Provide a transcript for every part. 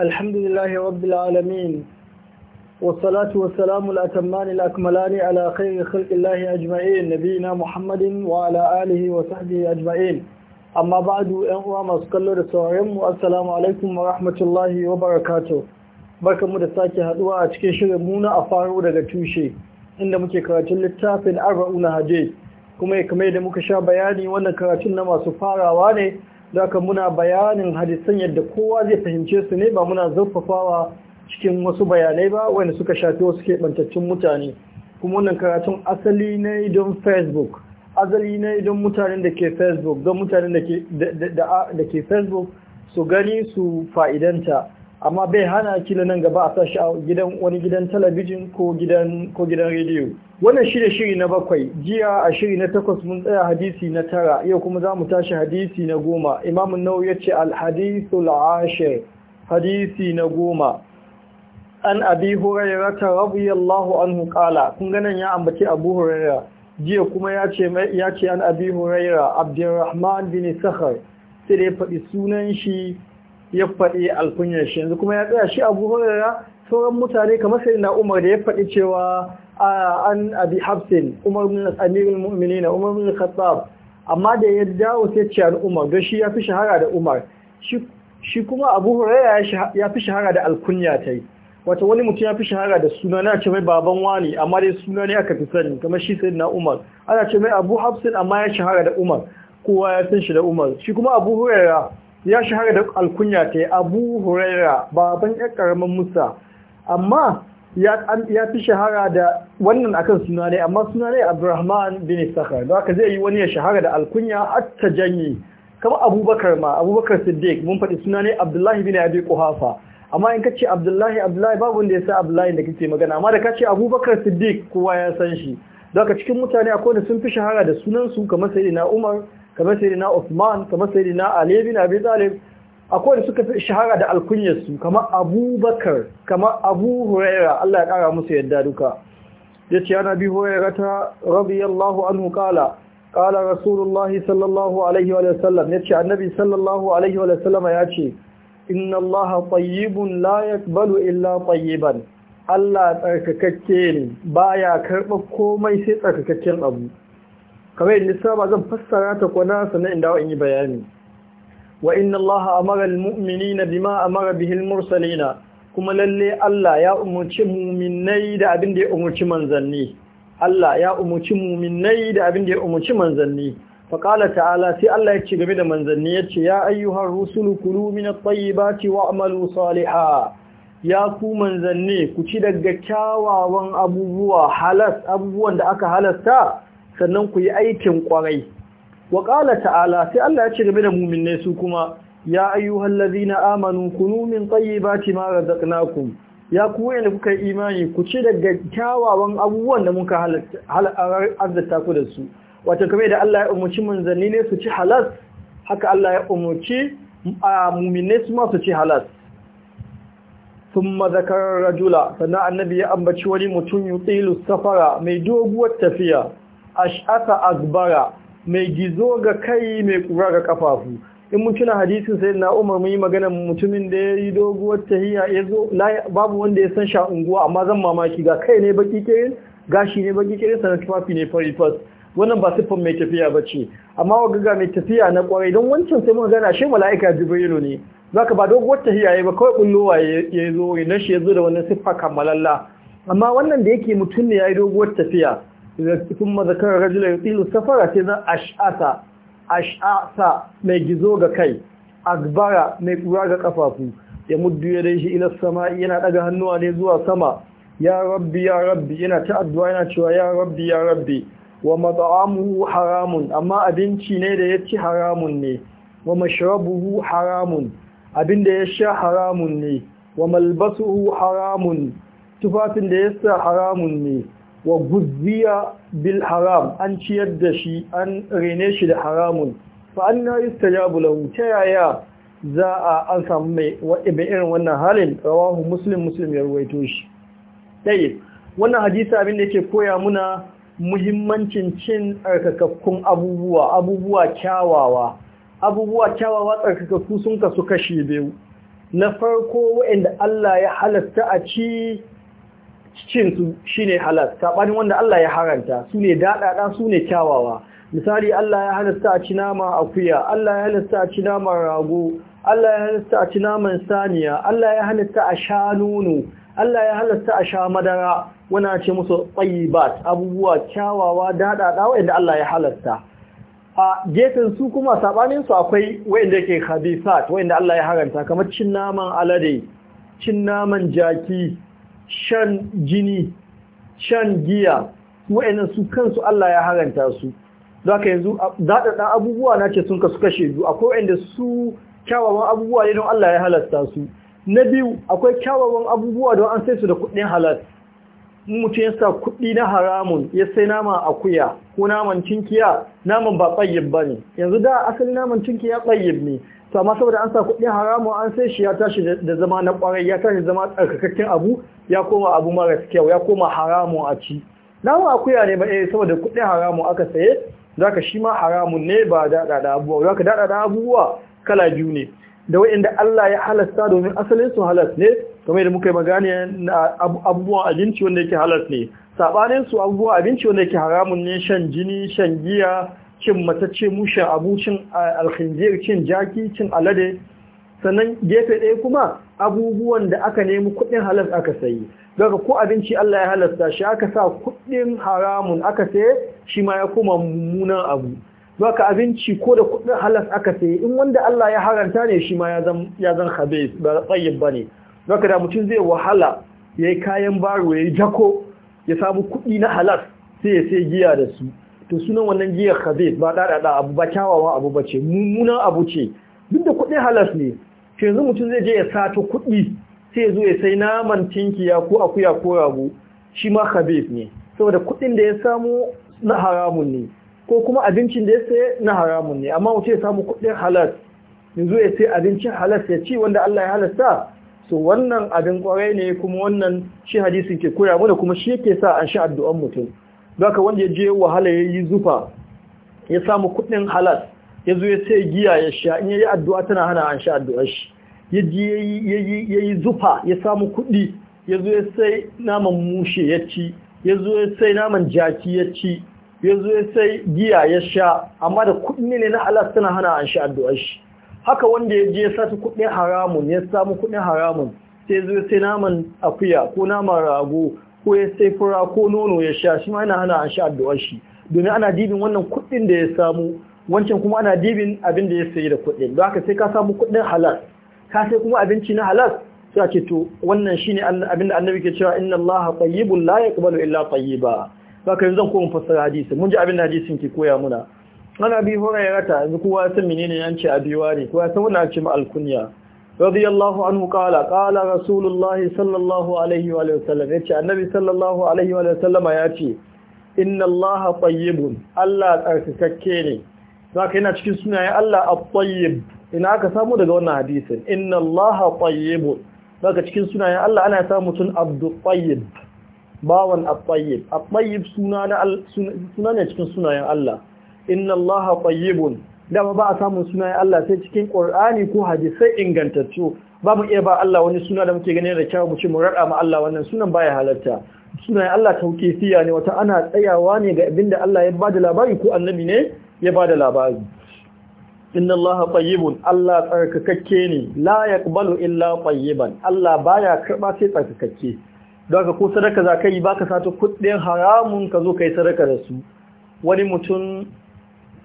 Alhamdulillahi rabbil alamin. Wassalatu wassalamu al atammani al akmalani ala khayri khalqillahi ajma'in nabiyyina Muhammadin wa ala wa sahbihi ajma'in. Amma ba'du 'yan uwa masu kallo da sauraron mu assalamu alaikum wa rahmatullahi wa barakatuh. Barkamu da sake haɗuwa a cikin shirin mu na afaro daga tushe inda muke karatun littafin Arba'una Hadith. Kuma kamar yadda muka sha bayani wannan karatun na masu farawa ne daka muna bayanin hadisan yadda kowa zai fahimce su ne ba muna zurfafawa cikin wasu bayanai ba wanda suka shafi wasu keɓantaccen mutane kuma wannan karatun asali ne don facebook asali ne don mutanen da ke facebook don mutanen da ke facebook su gani su fa'idanta amma bai hana kila nan gaba a sashi a gidan wani gidan talabijin ko gidan ko gidan rediyo wannan shi da shiri na bakwai jiya a shiri na takwas mun tsaya hadisi na tara yau kuma za mu tashi hadisi na goma imamun nau ya ce alhadisu ashir hadisi na goma an abi hurairah radiyallahu an hukala kun ganin nan ya ambaci abu hurairah jiya kuma ya ce ya ce an abi hurairah abdurrahman bin sakhar sai da ya faɗi sunan shi ya faɗi alkunyar shi yanzu kuma ya tsaya shi abu hurara sauran mutane kamar sai na umar da ya faɗi cewa an abi hafsin umar bin amirin na umar bin khattab amma da ya dawo sai ce an umar don shi ya fi shahara da umar shi kuma abu hurara ya fi shahara da alkunya ta yi wata wani mutum ya fi shahara da suna na ce mai baban wani amma dai suna ne aka fi sani kamar shi sai na umar ana ce mai abu hafsin amma ya shahara da umar kowa ya san shi da umar shi kuma abu hurara ya shahara da alkunya ta abu huraira baban ya karamin musa amma ya fi shahara da wannan akan suna ne amma suna ne abdurrahman bin sakhar da aka zai yi wani ya shahara da alkunya ta janyi kama abubakar ma abubakar siddiq mun faɗi suna ne abdullahi bin abi kuhafa amma in ka ce abdullahi abdullahi babu wanda ya sa abdullahi da kake magana amma da ka ce abubakar siddiq kowa ya san shi da cikin mutane akwai da sun fi shahara da sunansu kamar sayyidina umar kamar sayyidina Usman kamar sayyidina Ali bin Abi Talib akwai da suka fi shahara da alkunyarsu kamar Abubakar kamar Abu Huraira Allah ya kara musu yadda duka yace ana bi Huraira ta radiyallahu anhu kala kala Rasulullahi sallallahu alaihi wa sallam yace annabi sallallahu alaihi wa sallam yace inna Allah tayyibun la yaqbalu illa tayyiban Allah tsarkakakke ne baya karɓar komai sai tsarkakakken abu kamar yadda saba zan fassara ta kwana na in dawo in yi bayani wa inna allaha amara almu'minina bima amara bihi almursalina kuma lalle Allah ya umurci mu'minai da abin da ya umurci manzanni Allah ya umurci mu'minai da abin da ya umurci manzanni fa qala ta'ala sai Allah ya ce game da manzanni ya ce ya ayyuhar rusulu kulu min at-tayyibati wa'malu Saliha. ya ku manzanni ku ci daga kyawawan abubuwa halas abubuwan da aka halasta sannan ku yi aikin ƙwarai. wa qala ta'ala sai Allah ya ce game da mu'minai su kuma ya ayyuhallazina amanu kunu min tayyibati ma razaqnakum ya ku wanda kuka yi imani ku ci daga kyawawan abubuwan da muka halatta ku da su wato kamar da Allah ya umurci manzanni ne su ci halas haka Allah ya umurci mu'minai su ma su ci halas thumma zakara rajula sannan annabi ya ambaci wani mutum yutilu safara mai doguwar tafiya ash'asa azbara mai gizo ga kai mai kura ga kafafu in mun tuna hadisin sai na umar mun yi magana mutumin da ya yi doguwar tahiya ya babu wanda ya san sha unguwa amma zan mamaki ga kai ne baki kirin gashi ne baki kirin sanar tufafi ne fari fas wannan ba siffan mai tafiya ba ce amma wa gaga mai tafiya na kwarai don wancan sai mun gana shi mala'ika jibrilu ne zaka ba doguwar tahiya ya ba kawai bullowa ya zo na shi ya zo da wannan siffa kammalalla amma wannan da yake mutum ne ya yi doguwar tafiya ya ذكر safara ce na ash'asa ash'asa mai gizo ga kai akbara mai kura ga kafafu ya muddu ya dai shi ila sama yana daga hannuwa ne zuwa sama ya rabbi ya rabbi yana ta addu'a yana cewa ya rabbi ya rabbi wa mat'amuhu haramun amma abinci ne da yaci haramun ne wa mashrabuhu haramun abin da ya sha haramun ne wa malbasuhu haramun tufafin da ya sa haramun ne wa guziya bil haram an ciyar da shi an rene shi da haramun fa an na yi lahu ta yaya za a an samu mai wa'ibe irin wannan halin rawahu muslim muslim ya ruwaito shi Ɗaya, wannan hadisi abin da yake koya muna muhimmancin cin tsarkakakkun abubuwa abubuwa kyawawa abubuwa kyawawa tsarkakakku sun kasu kashi biyu na farko wa'inda Allah ya halatta a ci cin su ne halal sabanin wanda Allah ya haranta su ne daɗaɗa su ne kyawawa misali Allah ya halasta a ci nama akuya Allah ya halasta a ci naman rago Allah ya halasta a ci naman saniya Allah ya halasta a sha nono Allah ya halasta a sha madara wana ce musu tsayibat abubuwa kyawawa daɗaɗa wanda Allah ya halasta a gefen su kuma saɓaninsu su akwai wanda yake wa wanda Allah ya haranta kamar cin naman alade cin naman jaki shan jini shan giya wa'annan su kansu Allah ya haranta su ka yanzu daɗaɗɗan abubuwa na ce sun kasu kashe biyu akwai wa'anda su kyawawan abubuwa ne Allah ya halasta su na biyu akwai kyawawan abubuwa don an sai su da kuɗin halal mutum ya sa kuɗi na haramun ya sai nama akuya ko naman cinkiya naman ba tsayyib ba ne yanzu da asali naman cinkiya tsayyib ne to amma saboda an sa kuɗin haramu an sai shi ya tashi da zama na ƙwarai ya tashi zama tsarkakakken abu ya koma abu mara kyau ya koma haramu a ci naman akuya ne ba eh saboda kuɗin haramu aka saye zaka shi ma haramun ne ba daɗa da abubuwa zaka daɗa da abubuwa kala biyu ne da wa'inda Allah ya halasta domin asalin su halas ne kamar da muka yi magana abubuwan abinci wanda yake halas ne sabanin su abubuwa abinci wanda ke haramun ne shan jini shan giya cin matacce mushen abu cin alkhinzir cin jaki cin alade sannan gefe ɗaya kuma abubuwan da aka nemi kuɗin halas aka sayi daga ko abinci Allah ya halasta shi aka sa kuɗin haramun aka saye shi ma ya koma mummunan abu baka abinci ko da kuɗin halas aka saye in wanda Allah ya haranta ne shi ma ya zan haɓe ba tsayin ba ne baka da mutum zai wahala ya yi kayan baro ya yi jako ya samu kuɗi na halal sai ya sai giya da su to sunan wannan giyar khabith ba da da abu ba kyawawa abu bace mummunan abu ce duk da kuɗin halal ne to yanzu mutum zai je ya sato kuɗi sai ya zo ya sai naman tinkiya ko akuya ko rago shi ma khabith ne saboda kuɗin da ya samu na haramun ne ko kuma abincin da ya sai na haramun ne amma mutum ya samu kuɗin halal yanzu ya sai abincin halal ya ci wanda Allah ya halasta To wannan abin kwarai ne kuma wannan shi hadisin ke koya mana kuma shi yake sa an sha addu'an mutum zaka wanda ya je wahala ya yi zufa ya samu kuɗin halas ya zo ya sai giya ya sha in yayi addu'a tana hana an sha addu'ar shi ya ji yayi zufa ya samu kuɗi ya zo ya sai naman mushe ya ci ya zo ya sai naman jaki ya ci ya zo ya sai giya ya sha amma da kuɗi ne na halas tana hana an sha addu'ar shi haka wanda ya je sa kuɗin haramun ya samu kuɗin haramun sai zo sai naman akuya ko naman rago ko ya sai fura ko nono ya sha shi ma yana hana an sha addu'ar shi domin ana dibin wannan kuɗin da ya samu wancan kuma ana dibin abin da ya sayi da kuɗin don haka sai ka samu kuɗin halal ka sai kuma abinci na halal sai ce to wannan shine abin da annabi ke cewa inna allaha tayyibun la yaqbalu illa tayyiba haka yanzu zan koma fassara hadisi mun ji abin da hadisin ke koya muna ana bi hurairata yanzu kowa san menene an ce abiwari kowa san wannan ce alkunya radiyallahu anhu qala qala rasulullah sallallahu alaihi wa sallam yace annabi sallallahu alaihi wa sallama yace inna allaha tayyibun allah tsarkakakke ne zaka yana cikin sunaye allah at-tayyib ina aka samu daga wannan hadisin inna allaha tayyibun zaka cikin sunaye allah ana samu tun abdu tayyib bawan at-tayyib at-tayyib suna ne cikin sunayen allah inna allaha tayyibun dama ba a samun sunayen Allah sai cikin Qur'ani ko hadisai ingantattu ba mu iya ba Allah wani suna da muke ganin da kyawu mu ce mu rada ma Allah wannan sunan baya halarta sunayen Allah tawqifiya ne wata ana tsayawa ne ga abinda Allah ya bada labari ko annabi ne ya bada labari inna Allah tayyibun Allah tsarkakakke ne la yaqbalu illa tayyiban Allah baya karba sai tsarkakakke don haka ko sadaka zaka yi baka sato kuɗin haramun ka zo kai sadaka da su wani mutum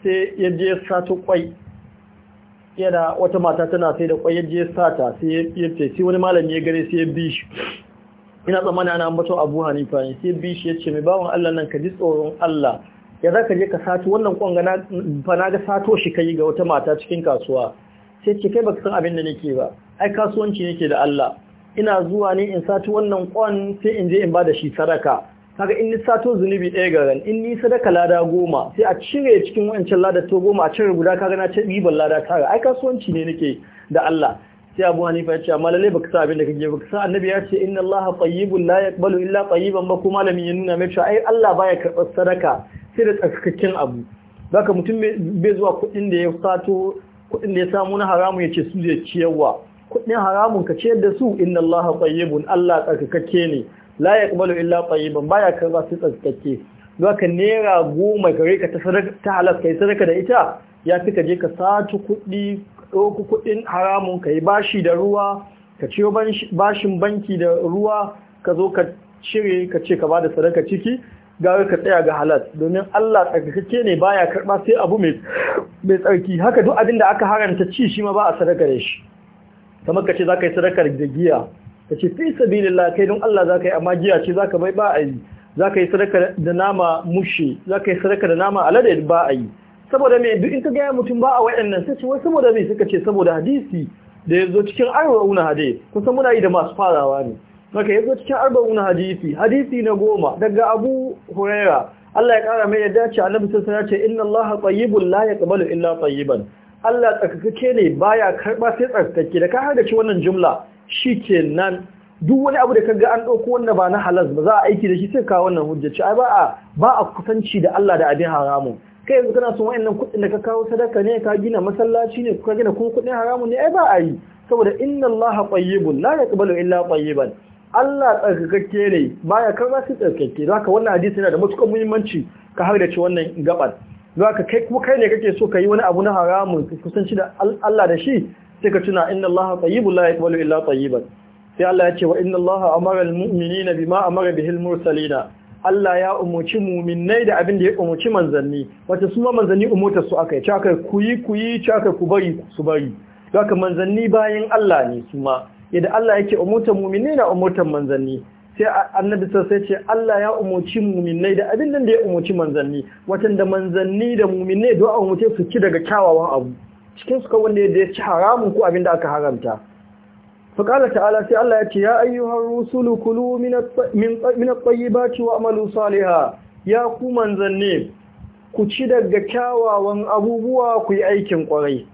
sai ya je sato kwai yana wata mata tana sai da kwai ya je sata sai ya ce sai wani malami ya gare sai ya bi shi ina tsammani ana ambato Abu Hanifa ne sai bi shi ya ce mai bawan Allah nan ka ji tsoron Allah ya za ka je ka sato wannan kwanga na fa na ga sato shi kai ga wata mata cikin kasuwa sai ce kai baka san abin da nake ba ai kasuwanci nake da Allah ina zuwa ne in sato wannan kwan sai in je in ba da shi sadaka kaga in sato zunubi ɗaya ga ran in ni sadaka lada goma sai a cire cikin wancan lada to goma a cire guda kaga na ce ribar lada ga ai kasuwanci ne nake da Allah sai Abu Hanifa ya ce amma lalle baka sa abin da kake baka sa annabi ya ce inna Allah tayyibun la yaqbalu illa tayyiban ba kuma malamin ya nuna mai cewa ai Allah baya karɓar sadaka sai da tsarkakken abu zaka mutum bai zuwa kuɗin da ya sato kuɗin da ya samu na haramu ya ce su zai ciyarwa kuɗin haramun ka ciyar da su inna Allah tayyibun Allah tsarkakke ne la yaqbalu illa tayyiban baya karba sai tsarkake ka nera goma gare ka ta sadaka ta halal sadaka da ita ya fi ka je ka saci kuɗi kuɗin haramun ka yi bashi da ruwa ka ciyo bashin banki da ruwa ka zo ka cire ka ce ka ba da sadaka ciki gawar ka tsaya ga halat domin Allah tsarkake ne baya karba sai abu mai tsarki haka duk abin da aka haranta ci shi ma ba a sadaka da shi kamar ka ce za ka yi sadakar da giya ka ce fi sabilillah kai don Allah zaka yi amma jiya ce zaka bai ba a yi zaka yi sadaka da nama mushi zaka yi sadaka da nama alade ba a yi saboda me duk in ka gaya mutum ba a wayannan sai ce wai saboda me suka ce saboda hadisi da yazo cikin arba'una hade kusan muna yi da masu farawa ne haka yazo cikin arba'una hadisi hadisi na goma daga Abu Huraira Allah ya kara mai yadda ce Annabi sallallahu alaihi wasallam ce inna Allah tayyibun la yaqbalu illa tayyiban Allah tsakakake ne baya karba sai tsakakke da ka hada ci wannan jumla shi ke nan duk wani abu da ka ga an ɗauko wannan ba na halas ba za a aiki da shi sai kawo wannan hujjaci ai ba a kusanci da Allah da abin haramun kai yanzu kana son wayannan kuɗin da ka kawo sadaka ne ka gina masallaci ne ka gina kuma kuɗin haramun ne ai ba a yi saboda inna Allah tayyibun la yaqbalu illa tayyiban Allah tsarkakakke ne baya karma shi tsarkake don haka wannan hadisi yana da matukar muhimmanci ka har da ci wannan gabar don haka kai kuma kai ne kake so ka yi wani abu na haramun kusanci da Allah da shi sai ka tuna inna allaha tayyibun la yaqbalu illa tayyiban sai Allah ya ce wa inna allaha amara almu'minina bima amara bihil mursalina Allah ya umuci muminai da abin da ya umuci manzanni wata su manzanni umutar su aka yi ku yi ku yi cakar ku bari su bari haka manzanni bayan Allah ne su ma yadda Allah yake umutar muminai na umutar manzanni sai annabi sai ce Allah ya umuci muminai da abin da ya umuci manzanni watan da manzanni da muminai du'a umuce su ci daga kyawawan abu cikin su wanda ya ci haramun ko abin da aka haramta faƙala ta'ala sai Allah ya ce ya ayyuhar rusulu kulu min at wa amalu Saliha ya ku manzanni ku ci daga kyawawan abubuwa ku yi aikin kwarai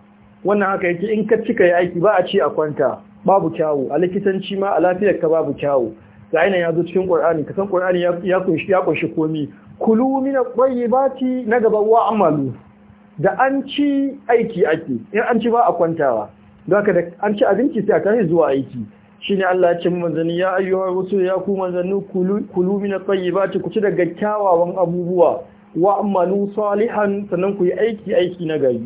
wannan haka yake in ka cika yi aiki ba a ci a kwanta babu kyawu a likitanci ma a lafiyar ka babu kyawu ga ina ya zo cikin ƙwar'ani ka san ƙwar'ani ya kunshi komi kulu min na gaba wa amalu da an ci aiki ake in an ci ba a kwantawa don haka da an ci abinci sai a tashi zuwa aiki shine Allah ya ce manzanni ya ayyuwa wasu ya ku manzanni kulu tsayi ba tayyibati ku ci daga kyawawan abubuwa wa amanu salihan sannan ku yi aiki aiki na gari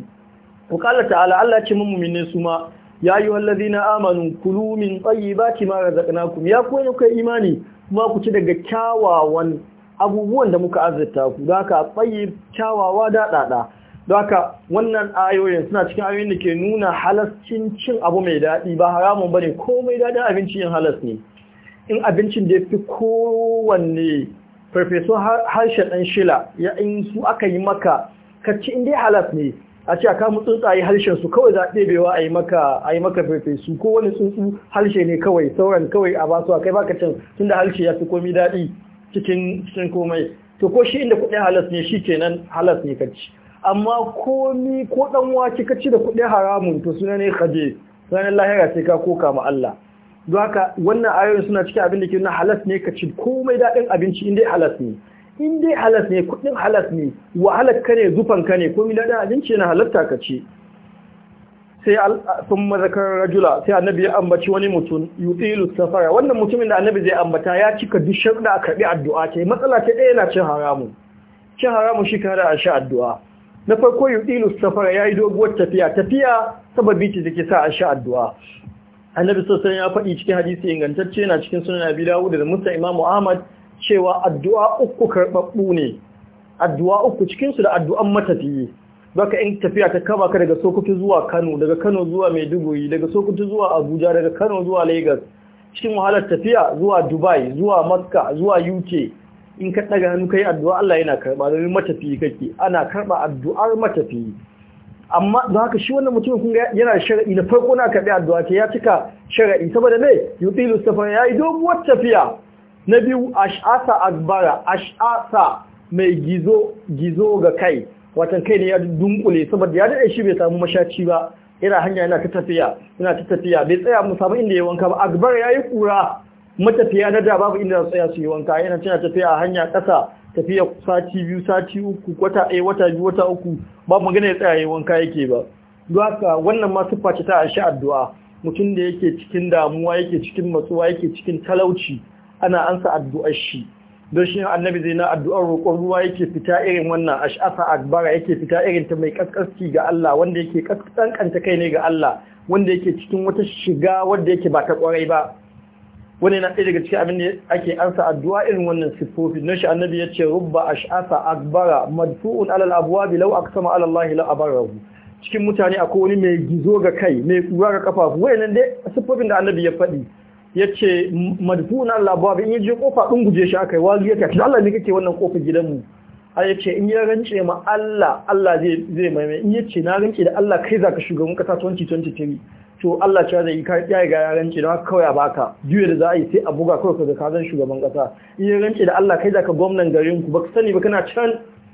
ku kala ta'ala Allah cin ce su ma ya wallazi na amanu kulu min mara ma razaqnakum ya ku ne kai imani kuma ku ci daga kyawawan abubuwan da muka azurta ku da haka tsayi kyawawa da don wannan ayoyin suna cikin ayoyin da ke nuna halascin cin abu mai daɗi ba haramun ba ne ko mai daɗin abinci yin halas ne in abincin da ya fi kowanne farfesu harshen ɗan shila ya in su aka yi maka kacci inda ya halas ne a ce a kama tsuntsaye harshen su kawai za a ɗebewa a yi maka farfesu ko wani tsuntsu harshe ne kawai sauran kawai a basu a kai baka can tunda harshe ya fi komi daɗi cikin cikin komai to ko shi inda kuɗin halas ne shi kenan halas ne kacci amma komi ko dan wake ka ci da kuɗin haramun to suna ne kaje ranar lahira sai ka koka ma Allah don haka wannan ayoyin suna cikin abin da ke na halas ne ka ci komai daɗin abinci in dai halas ne in dai halas ne kuɗin halas ne wahalar ka ne zufan ka ne komi daɗin abinci na halatta ka ci sai sun mazakar rajula sai annabi ya ambaci wani mutum yutilu safara wannan mutumin da annabi zai ambata ya cika duk sharuɗa a karɓi addu'a ce matsala ta ɗaya yana cin haramun cin haramun shi ka da a sha addu'a na farko yudilu safara ya yi doguwar tafiya tafiya sababi ce take sa a sha addu'a annabi sallallahu ya faɗi cikin hadisi ingantacce na cikin sunan abi dawud da musa imamu ahmad cewa addu'a uku karɓaɓɓu ne addu'a uku cikinsu da addu'an matafiyi baka in tafiya ta kama ka daga Sokoto zuwa Kano daga Kano zuwa Maiduguri daga Sokoto zuwa Abuja daga Kano zuwa Lagos cikin wahalar tafiya zuwa Dubai zuwa Maska, zuwa UK in ka daga hannu kai addu'a Allah yana karba domin matafi kake ana karba addu'ar matafi amma da haka shi wannan mutum kun yana shar'i na farko na karbi addu'a ce ya cika shar'i saboda ne yutilu ya yayi doguwar tafiya na biyu ash'asa akbara ash'asa mai gizo gizo ga kai watan kai ne ya dunkule saboda ya dade shi bai samu mashaci ba ira hanya yana ta tafiya bai tsaya mu samu inda ya wanka ba ya yayi kura matafiya na da babu inda tsaya su yi wanka yana cina tafiya a hanya ƙasa tafiya sati biyu sati uku wata ɗaya wata biyu wata uku ba magana ya tsaya yi wanka yake ba don haka wannan ma siffa ta a shi addu'a mutum da yake cikin damuwa yake cikin matsuwa yake cikin talauci ana ansa addu'ar shi don shi annabi zai na addu'ar roƙon ruwa yake fita irin wannan ash'asa akbara yake fita irin ta mai kaskaski ga Allah wanda yake kaskanta kai ne ga Allah wanda yake cikin wata shiga wanda yake ba ta kwarai ba wani na ɗaya daga cikin abin da ake ansa addu'a irin wannan siffofi na shi annabi ya ce rubba ash'asa akbara madfu'un alal abwabi lau aka sama allahi la abarahu cikin mutane akwai wani mai gizo ga kai mai kura ga kafafu nan dai siffofin da annabi ya faɗi ce madfu'un alal bi in je kofa din guje shi akai wazi yake Allah ne kake wannan kofar mu. har ya ce in ya rance ma Allah Allah zai mai in ya ce na rance da Allah kai za ka shugaban kasa 2023 to Allah cewa zai ya riga ya rance don kawai a baka juya da za a yi sai a buga kawai ka ka zan shugaban kasa in ya rance da Allah kai za ka gwamnan garin ku baka sani ba kana can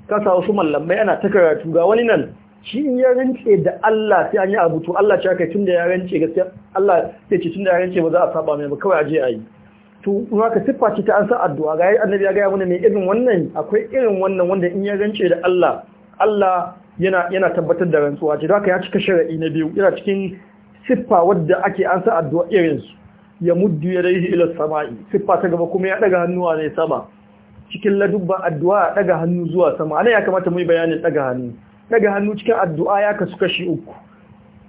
ka sa wasu mallamai ana ta karatu ga wani nan shi in ya rance da Allah sai an yi abu to Allah cewa kai tunda ya rance gaskiya Allah sai ce tunda ya rance ba za a saba mai ba kawai a je a yi to kuma ka siffa ce ta an san addu'a ga annabi ya gaya mana mai irin wannan akwai irin wannan wanda in ya rance da Allah Allah yana tabbatar da rantsuwa ce haka ya cika shari'i na biyu yana cikin siffa wadda ake an san addu'a irinsu. ya muddu ya dai ila sama'i siffa ta gaba kuma ya daga hannuwa ne sama cikin ladubba addu'a ya daga hannu zuwa sama ana ya kamata mu yi bayanin daga hannu daga hannu cikin addu'a ya kasu kashi uku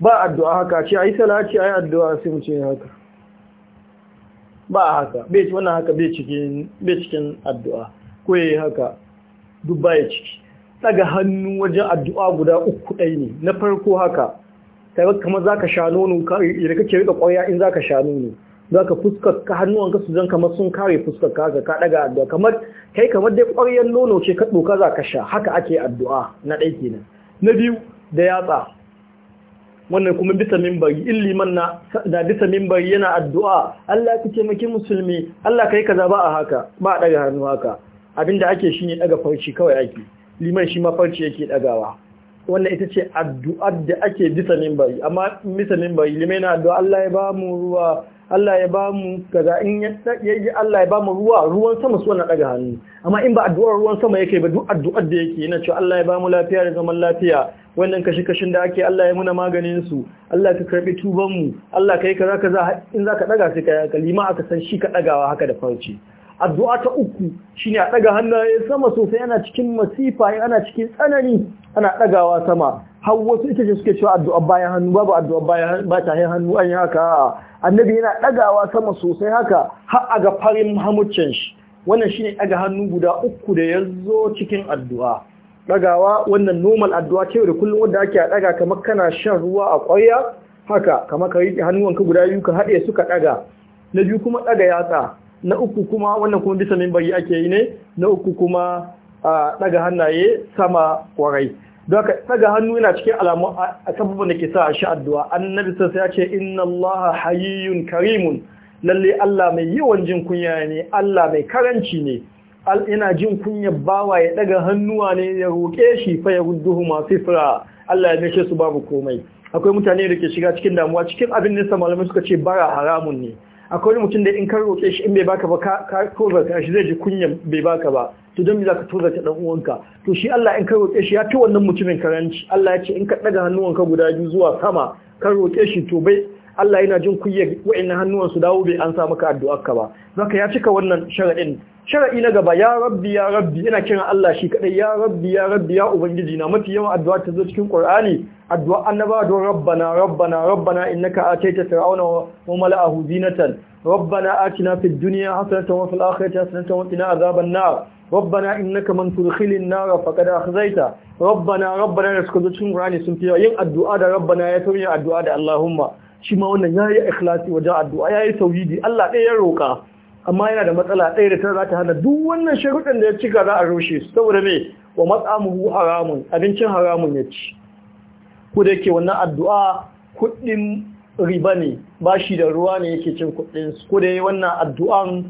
ba addu'a haka ce ayi salati ayi addu'a sai mu ce haka ba haka wannan haka bai cikin addu'a ko yi haka Dubba ya ciki daga hannu wajen addu'a guda uku ɗai ne na farko haka kai kamar ka sha nono idan kake rika ƙwarya in za ka sha nono ka fuskar ka hannuwan ka su zan kamar sun kare fuskar ka haka ka daga addu'a kamar kai kamar dai ƙwaryar nono ce ka za ka sha haka ake addu'a na ɗai kenan na biyu da yatsa wannan kuma bisa mimbari illiman na da bisa mimbari yana addu'a Allah ka taimaki musulmi Allah kai kaza ba a haka ba a daga hannu haka abinda ake shine ɗaga farci kawai ake liman shi ma farci yake ɗagawa. wannan ita ce addu'ar da ake bisa mimbari amma bisa mimbari limai na addu'a Allah ya ba mu ruwa Allah ya ba mu kaza in ya yi Allah ya ba mu ruwa ruwan sama su wani daga hannu amma in ba addu'ar ruwan sama yake ba duk addu'ar da yake yana cewa Allah ya ba mu lafiya da zaman lafiya wannan kashi-kashin da ake Allah ya muna maganin su Allah ka karɓi tuban mu Allah kai kaza kaza in zaka daga sai kai ma aka san shi ka dagawa haka da farce. addu'a ta uku shine a ɗaga hannaye sama sosai ana cikin masifa ana cikin tsanani ana dagawa sama har wasu ita ce suke cewa addu'a bayan hannu babu addu'a bayan ba ta hannu an yi haka annabi yana ɗagawa sama sosai haka har a ga farin hamuccin shi wannan shine ɗaga hannu guda uku da ya zo cikin addu'a ɗagawa wannan normal addu'a ce da kullum wanda ake ɗaga kamar kana shan ruwa a ƙwarya haka kamar ka riƙe hannuwanka guda biyu ka haɗe suka ɗaga na biyu kuma ɗaga yatsa na uku kuma wannan kuma bisa mimbari ake yi ne na uku kuma ɗaga hannaye sama kwarai. don ka daga hannu yana cikin alamu a sababin da ke sa a shi addu'a annabi sai ya ce inna Allah hayyun karimun lalle Allah mai yawan jin kunya ne Allah mai karanci ne ina jin kunya bawa ya daga hannuwa ne ya roƙe shi fa ya gudu ma sifra Allah ya mishe su babu komai akwai mutane da ke shiga cikin damuwa cikin abin nisa malamai suka ce bara haramun ne akwai wani mutum da in kan roƙe shi in bai baka ba ka tozarta shi zai ji kunyan bai baka ba to don za ka tozarta ɗan uwanka to shi Allah in kan roƙe shi ya fi wannan mutumin karanci Allah ya ce in ka ɗaga hannuwanka guda biyu zuwa sama Kan roƙe shi to bai Allah yana jin kunya wa'annan hannuwan su dawo bai an sa maka ka ba zaka ya cika wannan sharaɗin sharaɗi na gaba ya rabbi ya rabbi ina kiran Allah shi kadai ya rabbi ya rabbi ya ubangiji na mafi yawan addu'a ta zo cikin Qur'ani addu'a annabawa don rabbana rabbana rabbana innaka ataita fir'auna wa mala'ahu zinatan rabbana atina fid dunya hasanatan wa fil akhirati hasanatan wa qina azaban nar rabbana innaka man tudkhilin nar faqad akhzaita rabbana rabbana da suka zo Qur'ani sun fi yin addu'a da rabbana ya tauye addu'a da Allahumma shi ma wannan yayi ikhlasi wajen addu'a yayi tauhidi Allah ɗaya ya roka amma yana da matsala ɗaya da ta za ta hana duk wannan sharuɗan da ya cika za a rushe su saboda me wa matsamuhu haramun abincin haramun ya ci ko da yake wannan addu'a kuɗin riba ne ba shi da ruwa ne yake cin kuɗin su ko da yi wannan addu'an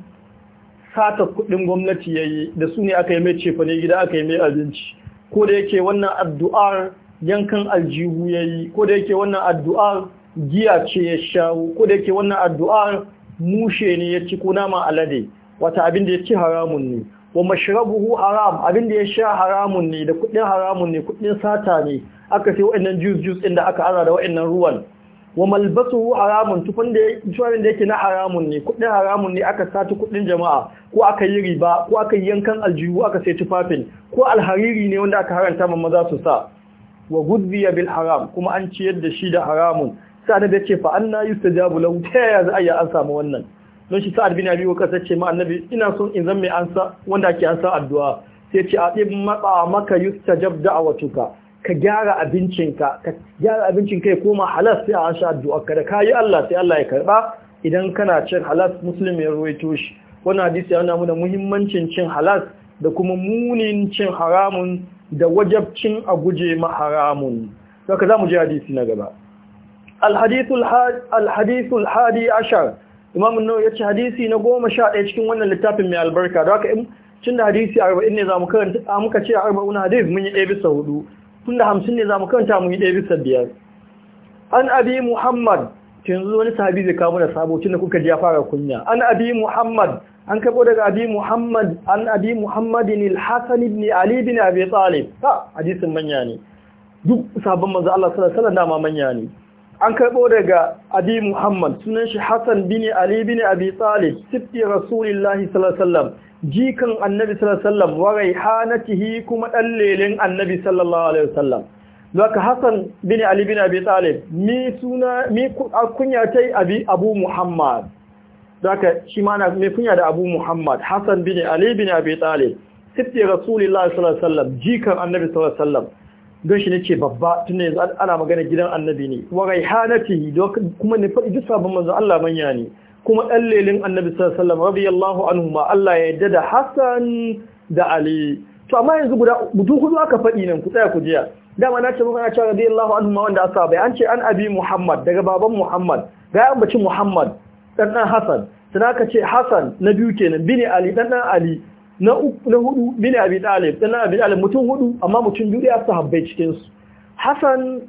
sata kuɗin gwamnati ya yi da su ne aka yi mai cefa ne gida aka yi mai abinci ko da yake wannan addu'ar yankan aljihu ya yi. ko da yake wannan addu'ar giya ce ya shawo ko da yake wannan addu'ar mushe ne ya ci ko nama alade wata abin da ya ci haramun ne wa mashrabuhu haram abin da ya sha haramun ne da kuɗin haramun ne kuɗin sata ne aka sai wa'annan juice juice inda aka ara da wa'annan ruwan wa malbasuhu haramun tufan da tufan da yake na haramun ne kudin haramun ne aka sati kudin jama'a ko aka yi riba ko aka yi yankan aljihu aka sai tufafin ko alhariri ne wanda aka haranta ma maza su sa wa gudhiya bil haram kuma an ciyar da shi da haramun sa'ad da ce fa anna yustajabu lahu ta ya za a an samu wannan don shi sa'ad bin abi waqas ce ma annabi ina son in zan mai ansa wanda ake ansa addu'a sai ce a ibn matsa maka yustajab da'awatuka ka gyara abincinka ka gyara abincinka ya koma halas sai a sha addu'a da kayi Allah sai Allah ya karba idan kana cin halas musulmi ya ruwaito shi wannan hadisi ya nuna muhimmancin cin halas da kuma munin cin haramun da wajabcin a guje ma haramun saka zamu je hadisi na gaba al-hadithul hadi ashar imam nawawi ya ce hadisi na goma sha ɗaya cikin wannan littafin mai albarka da haka cin da hadisi arba'in ne za mu karanta muka ce arba'un hadis mun yi ɗaya bisa hudu tunda hamsin ne za mu kanta mu yi ɗaya bisa biyar an abi muhammad yanzu wani sahabi zai kawo da sabo da kuka ji ya fara kunya an abi muhammad an kabo daga abi muhammad an abi muhammadin al-hasan ibn ali ibn abi talib ha hadisin manya ne duk sabon manzo Allah sallallahu alaihi wasallam dama manya ne an karɓo daga abi muhammad sunan shi hassan bin ali bin abi talib sifti rasulillahi sallallahu jikan annabi sallallahu alaihi wasallam wa raihanatihi kuma dallelin annabi sallallahu alaihi wasallam zaka hasan bin ali bin abi talib mi suna mi kunya tai abi abu muhammad zaka shi ma na mi kunya da abu muhammad hasan bin ali bin abi talib sibti rasulullahi sallallahu alaihi wasallam jikan annabi sallallahu alaihi wasallam don shi nake babba tun ne ana magana gidan annabi ne wa raihanatihi kuma ne fa duk sabon manzo Allah manya ne kuma ɗan lelin annabi sallallahu alaihi wasallam anhu ma Allah ya yarda da Hassan da Ali to amma yanzu guda mutu hudu aka faɗi nan ku tsaya ku jiya dama na ce muka na ce radiyallahu anhu ma wanda a bai an ce an abi Muhammad daga baban Muhammad ga an bace Muhammad dan dan Hassan sai aka ce Hassan na biyu kenan bini Ali dan dan Ali na uku na hudu bini Abi Talib dan Abi Talib mutum hudu amma mutum biyu ya sahabbai cikin su Hassan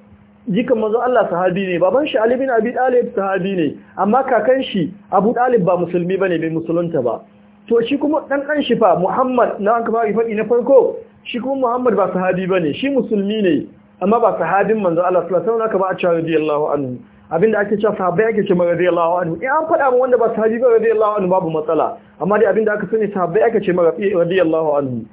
jikan manzon Allah sahabi ne baban shi Ali bin Abi Talib sahabi ne amma kakan shi Abu Talib ba musulmi bane bai musulunta ba to shi kuma dan dan shi fa Muhammad na an kafa ifadi na farko shi kuma Muhammad ba sahabi bane shi musulmi ne amma ba sahabin manzo Allah sallallahu alaihi wasallam ka ba a cewa radiyallahu anhu abinda ake cewa sahabbai ake cewa radiyallahu anhu in an faɗa ma wanda ba sahabi ba radiyallahu anhu babu matsala amma dai abinda aka sani sahabbai ake cewa radiyallahu anhu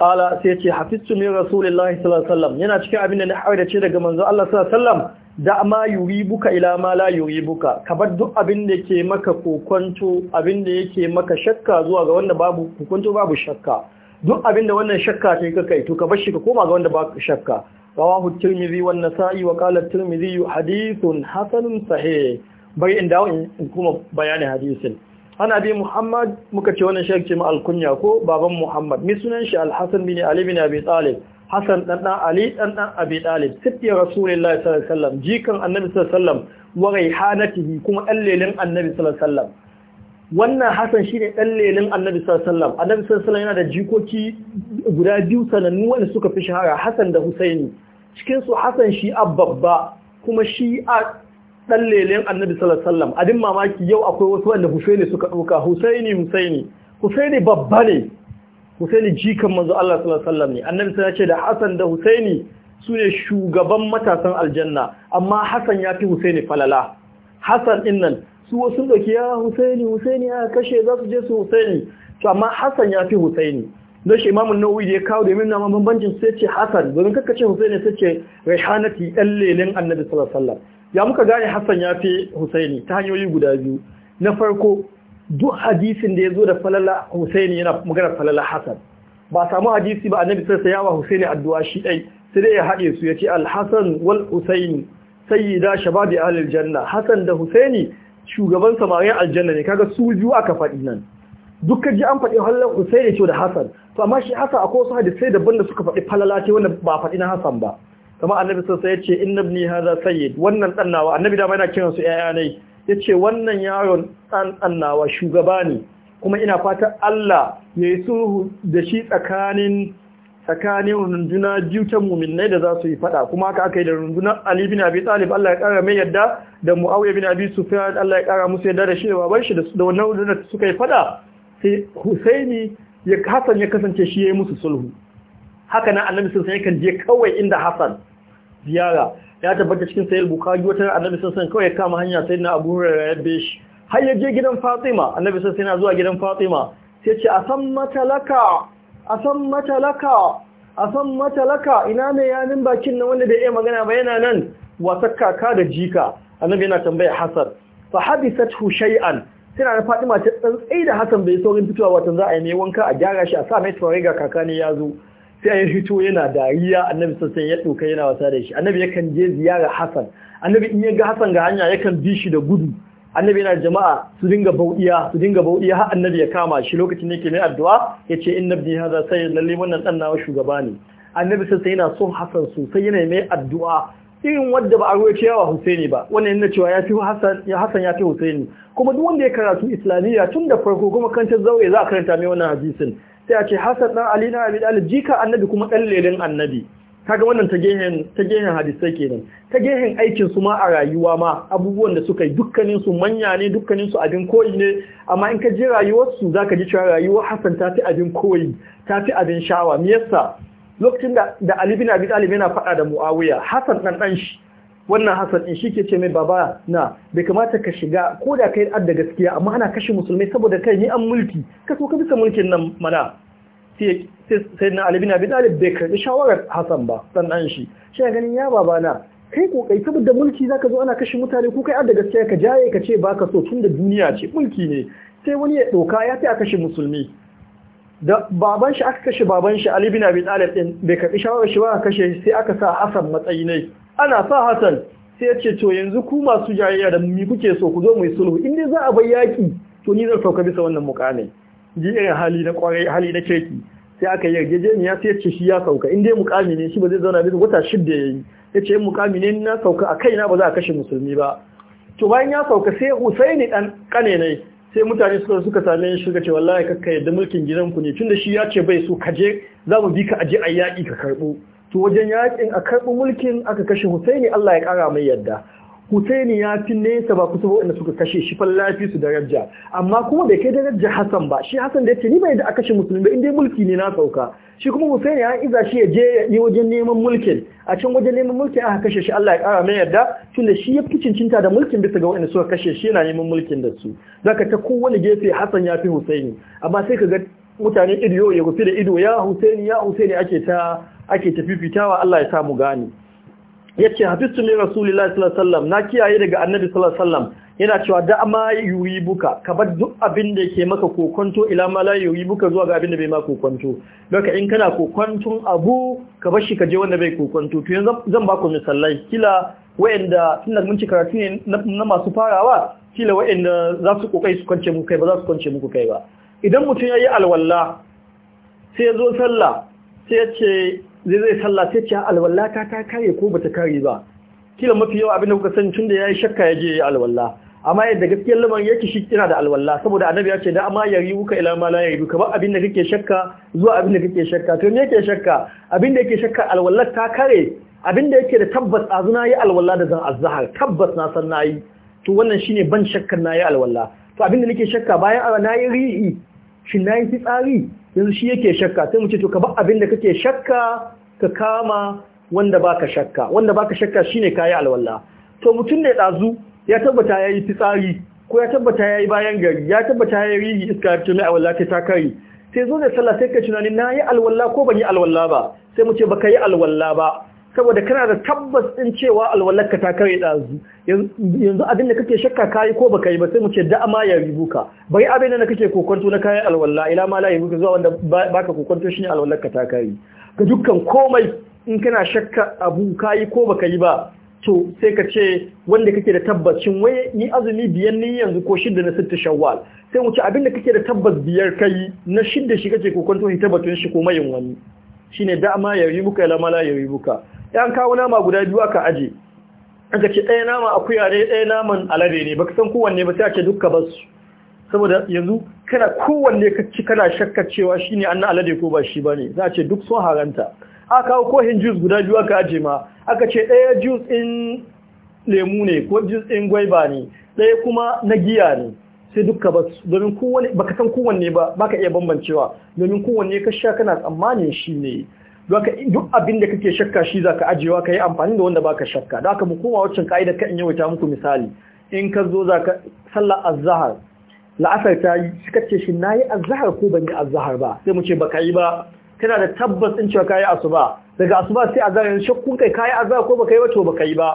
kala sai ce hafiztu min rasulillahi sallallahu alaihi wasallam yana cikin abin da na ce daga manzo Allah sallallahu alaihi wasallam da ma yuribuka ila ma la buka ka bar duk abin da ke maka kokonto abin da yake maka shakka zuwa ga wanda babu kokonto babu shakka duk abin da wannan shakka ce ka kai to ka bar shi ka koma ga wanda babu shakka rawahu tirmidhi wa nasa'i wa qala tirmidhi hadithun hasanun sahih bai inda in kuma bayani hadisin ana bi muhammad muka ce wannan shi ce ma alkunya ko baban muhammad mai sunan shi alhassan bin ali bin abi talib Hassan ɗan ɗan Ali ɗan ɗan Abi Talib sitti Rasulullahi sallallahu alaihi wasallam jikan Annabi sallallahu alaihi wasallam wa raihanatihi kuma ɗan lelin Annabi sallallahu alaihi wasallam wannan Hassan shine ɗan lelin Annabi sallallahu alaihi wasallam Annabi sallallahu alaihi wasallam yana da jikoki guda biyu sanannu wanda suka fi shahara Hassan da Husaini cikin su Hassan shi abba kuma shi a dan lelen annabi sallallahu alaihi wasallam adin mamaki yau akwai wasu wanda Husaini suka ɗauka Husaini Husaini Husaini babba ne Husaini jikan manzo Allah sallallahu alaihi wasallam ne annabi sai ya ce da Hassan da Husaini su ne shugaban matasan aljanna amma Hassan ya fi Husaini falala Hassan din nan su wasu dauke ya Husaini Husaini ya kashe za su je su Husaini to amma Hassan ya fi Husaini don shi imamun nawawi da ya kawo domin na bambancin sai ce Hassan domin kakkace Husaini sai ce rihanati dan lelen annabi sallallahu alaihi wasallam ya muka gane Hassan ya fi Husaini ta hanyoyi guda biyu na farko duk hadisin da ya zo da falala Husaini yana magana falala Hassan ba samu hadisi ba annabi sai ya yawa Husaini addu'a shi dai sai dai ya haɗe su yace al Hassan wal Husaini sayyida shababi ahli Aljanna. Hassan da Husaini shugaban samarin aljanna ne kaga su biyu aka faɗi nan dukkan ji an faɗi halal Husaini ce da Hassan to amma shi Hassan akwai wasu hadisai daban da suka faɗi falala ce wanda ba faɗi na Hassan ba kamar annabi sun sai yace inna ibni hadha sayyid wannan dan nawa annabi da yana kiran su yaya ne yace wannan yaron dan dan nawa shugaba ne kuma ina fata Allah yayi sulhu da shi tsakanin tsakanin runduna biyu ta muminai da za su yi fada kuma haka aka yi da runduna? Ali bin Abi Talib Allah ya kara mai yadda da Muawiya bin Abi Sufyan Allah ya kara musu yadda da shi da baban shi da wannan runduna suka yi fada sai Husaini ya Hassan ya kasance shi yayi musu sulhu haka nan Annabi sun sai kan yakan je kawai inda Hassan ziyara ya tabbata cikin sayar bukari wata annabi sassan kawai ya kama hanya sai na abu hurara ya be shi har yaje gidan fatima annabi sassan yana zuwa gidan fatima sai ce a san matalaka a san matalaka ina mai yanin bakin na wanda bai iya magana ba yana nan wata kaka da jika annabi yana tambaya Hassan. fa Hushai'an shay'an tana da fatima ta tsantsai da hasan bai saurin fitowa watan za a yi mai wanka a gyara shi a sa mai turare ga kaka ne ya zo sai ya hito yana dariya annabi sassan ya ɗauka yana wasa da shi annabi yakan je ziyara hassan annabi in ya ga hassan ga hanya yakan bi shi da gudu annabi yana jama'a su dinga bau'iya, su dinga bau'iya har annabi ya kama shi lokacin ya ke mai addu'a ya ce in nabdi haza sai lalle wannan ɗan nawa shugaba ne annabi sassan yana son hassan sosai yana mai addu'a irin wadda ba a ruwaci yawa Husaini ba wannan yana cewa ya fi Hassan ya fi Husaini kuma duk wanda ya karatu Islamiyya tun da farko kuma kan ta zaure za a karanta mai wannan hadisin sai a ce Hassan ɗan Ali na abin jika annabi kuma dan annabi annabi kaga wannan ta gehen ke hadisai kenan ta gehen aikin su ma a rayuwa ma abubuwan da suka yi dukkanin su manya ne dukkanin abin koyi ne amma in ka je rayuwarsu su zaka ji cewa rayuwar Hassan ta fi abin koyi ta fi abin shawa me yasa lokacin da Ali bin abin yana faɗa da Muawiya Hassan ɗan ɗan shi wannan Hassan shi ke ce mai baba na bai kamata ka shiga ko da kai adda gaskiya amma ana kashe musulmai saboda kai ni an mulki ka so ka bisa mulkin nan mana sai na Ali bin alib bai karbi shawarar Hassan ba dan an shi shi ganin ya baba na kai kokai saboda mulki zaka zo ana kashe mutane ko kai adda gaskiya ka jaye ka ce baka so tunda duniya ce mulki ne sai wani ya doka ya a kashe musulmi da baban shi aka kashe baban shi Ali bin Abi Talib bai karbi shawarar shi ba kashe sai aka sa Hassan matsayi ne ana sa Hassan sai ya ce to yanzu ku masu jayayya da mu kuke so ku zo mu yi sulhu in dai za a bai yaki to ni zan sauka bisa wannan mukamin ji irin hali na kwarai hali na keki sai aka yi yarjejeniya sai ya ce shi ya sauka in dai mukamin ne shi ba zai zauna bisa wata shidda ya yi ya ce mukamin ne na sauka a kaina ba za a kashe musulmi ba to bayan ya sauka sai Hussaini dan kane ne sai mutane suka suka same shi suka ce wallahi kakka yadda mulkin gidanku ne tunda shi ya ce bai so kaje za mu bi ka aje ayyaki ka karɓo. to wajen yakin a karɓi mulkin aka kashe Husaini Allah ya ƙara mai yadda Husaini ya fi nesa ba kusa waɗanda suka kashe shi fallafi su daraja amma kuma bai kai daraja Hassan ba shi Hassan da ce ni bai da aka kashe musulmi ba indai mulki ne na sauka shi kuma Husaini ya iza shi ya je ya yi wajen neman mulkin a can wajen neman mulkin aka kashe shi Allah ya ƙara mai yadda tunda shi ya fi cincinta da mulkin bisa ga waɗanda suka kashe shi yana neman mulkin da su zaka ta kowane gefe Hassan ya fi Husaini amma sai ka ga mutane ido ya rufe da ido ya Husaini ya Husaini ake ta ake tafi fitawa Allah ya samu gane yace hadithu ne rasulullahi sallallahu alaihi wasallam na kiyaye daga annabi sallallahu alaihi wasallam yana cewa da ma buka ka bar duk abin da yake maka kokonto ila ma la buka zuwa ga abin da bai ma kokonto doka in kana kokonton abu ka bar shi ka je wanda bai kokonto to yanzu zan ba ku misalai kila wayanda tunda mun ci karatu ne na masu farawa kila wayanda za su kokai su kwance muku kai ba za su kwance muku kai ba idan mutum yayi alwala sai ya zo sallah sai ya ce zai zai sallah sai ce alwala ta ta kare ko bata kare ba kila mafi yawa abin da kuka sani tunda yayi shakka yaje yayi alwalla amma yadda gaskiyar lamarin yake shi kina da alwalla saboda annabi ya ce da amma yari uka ila ma la yari ba abin da kake shakka zuwa abin da kake shakka to me yake shakka abin da yake shakka alwalla ta kare Abin da yake da tabbas azuna yi alwalla da zan azhar tabbas na san nayi to wannan shine ban shakkan nayi alwalla to abin da nake shakka bayan nayi ri'i shin nayi fitsari yanzu shi yake shakka sai mu ce to ka bar abin da kake shakka ka kama wanda baka shakka wanda baka shakka shine kayi alwala to mutum da dazu ya tabbata yayi fitsari ko ya tabbata yayi bayan gari ya tabbata yayi rihi iska ta mai alwala ta kai sai zo da sallah sai ka tunani yi alwala ko ban yi alwala ba sai mu ce baka yi alwala ba saboda kana da tabbas din cewa alwallaka ta kare dazu yanzu abin da kake shakka kai ko baka yi ba sai mu ce da'ama ya buka. bai abin da kake kokonto na kayan alwalla ila ma la buka zuwa wanda baka kokonto shine alwallaka ta kare ga dukkan komai in kana shakka abu kai ko baka yi ba to sai ka ce wanda kake da tabbacin wai ni azumi biyan ni yanzu ko shidda na sitta shawwal sai mu ce abin da kake da tabbas biyar kai na shidda shi kake kokonto shi tabbatun shi ko mayin wani shine amma ya rubuka ila ma la buka. yan kawo nama guda biyu aka aje aka ce ɗaya nama akuya ne ɗaya naman alade ne baka san kowanne ba sai a ce dukka ba su saboda yanzu kana kowanne ka ci kana shakkar cewa shine annan alade ko ba shi ne za a ce duk sun haranta aka kawo kohin juice guda biyu aka aje ma aka ce ɗaya juice in lemu ne ko juice in gwaiba ne ɗaya kuma na giya ne sai dukka ba su domin kowanne baka san kowanne ba baka iya bambancewa domin kowanne ka sha kana tsammanin shi ne duk abin da kake shakka shi zaka ajiyewa ka yi amfani da wanda baka shakka da haka mu koma waccan ka'ida ka in yawaita muku misali in ka zo zaka sallar azhar la'asar ta yi suka ce shi nayi azhar ko ban yi azhar ba sai mu ce baka yi ba kana da tabbas in cewa kayi asuba daga asuba sai azhar in shakkun kai kayi azhar ko baka yi ba to baka yi ba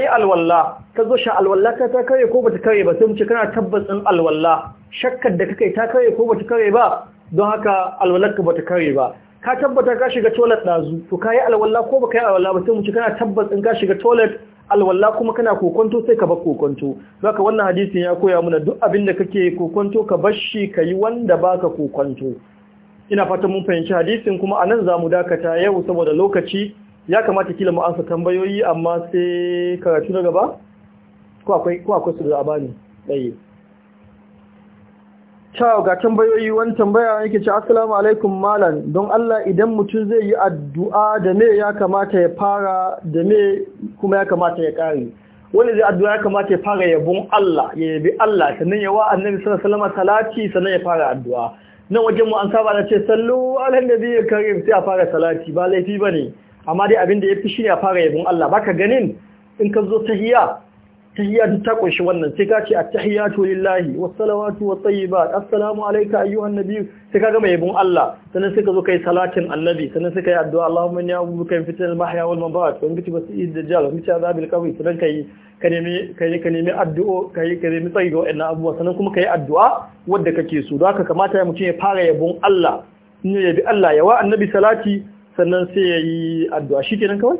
yi alwalla ka zo sha alwalla ta ta kare ko bata kare ba sai mu ce kana tabbas in alwalla shakkar da kake ta kare ko bata kare ba don haka alwallarka bata kare ba ka tabbata ka shiga toilet dazu to ka yi alwala ko baka yi alwala ba sai mu ci kana tabbas in ka shiga toilet alwala kuma kana kokonto sai ka bar kokonto zaka wannan hadisin ya koya mana duk abin da kake kokonto ka bar shi kayi wanda baka kokonto ina fatan mun fahimci hadisin kuma anan zamu dakata yau saboda lokaci ya kamata kila mu ansa tambayoyi amma sai karatu na gaba ko akwai ko akwai su da abani dai ta ga tambayoyi wani tambaya yake ce 'Asalamu alaikum malam don Allah idan mutum zai yi addu'a da me ya kamata ya fara da me kuma ya kamata ya kare wani zai addu'a ya kamata ya fara yabon Allah ya yabi Allah sannan ya wa annabi sallallahu alaihi salati sannan ya fara addu'a nan wajen mu an saba da ce sallu ala nabi karim sai a fara salati ba laifi bane amma dai abin da yafi shine a fara yabon Allah baka ganin in ka zo tahiya tahiyatu ta kunshi wannan sai ka ce at-tahiyatu lillahi was-salawatu wat-tayyibat assalamu alayka ayyuhan nabiy sai ka gama yabon Allah sannan sai ka zo kai salatin annabi sannan sai ka yi addu'a Allahumma inni a'udhu bika min fitnatil mahya wal mamat wa min fitnatil dajjal wa min azabil qabr sannan kai ka nemi kai ka nemi addu'o kai ka nemi tsayi ga wannan abubuwa sannan kuma kai addu'a wanda kake so don haka kamata ya mutum ya fara yabon Allah in ya yabi Allah ya wa annabi salati sannan sai ya yi addu'a shikenan kawai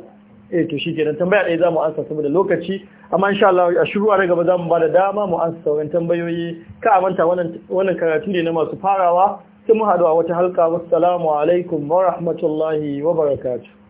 eh to shi tambaya ɗaya zamu ansa saboda lokaci amma insha Allah a shiru a gaba zamu bada ba da dama mu ansa sauran tambayoyi ka a manta wannan karatu ne na masu farawa sai mu haɗu a wata halka wassalamu alaikum wa rahmatullahi wa barakatuh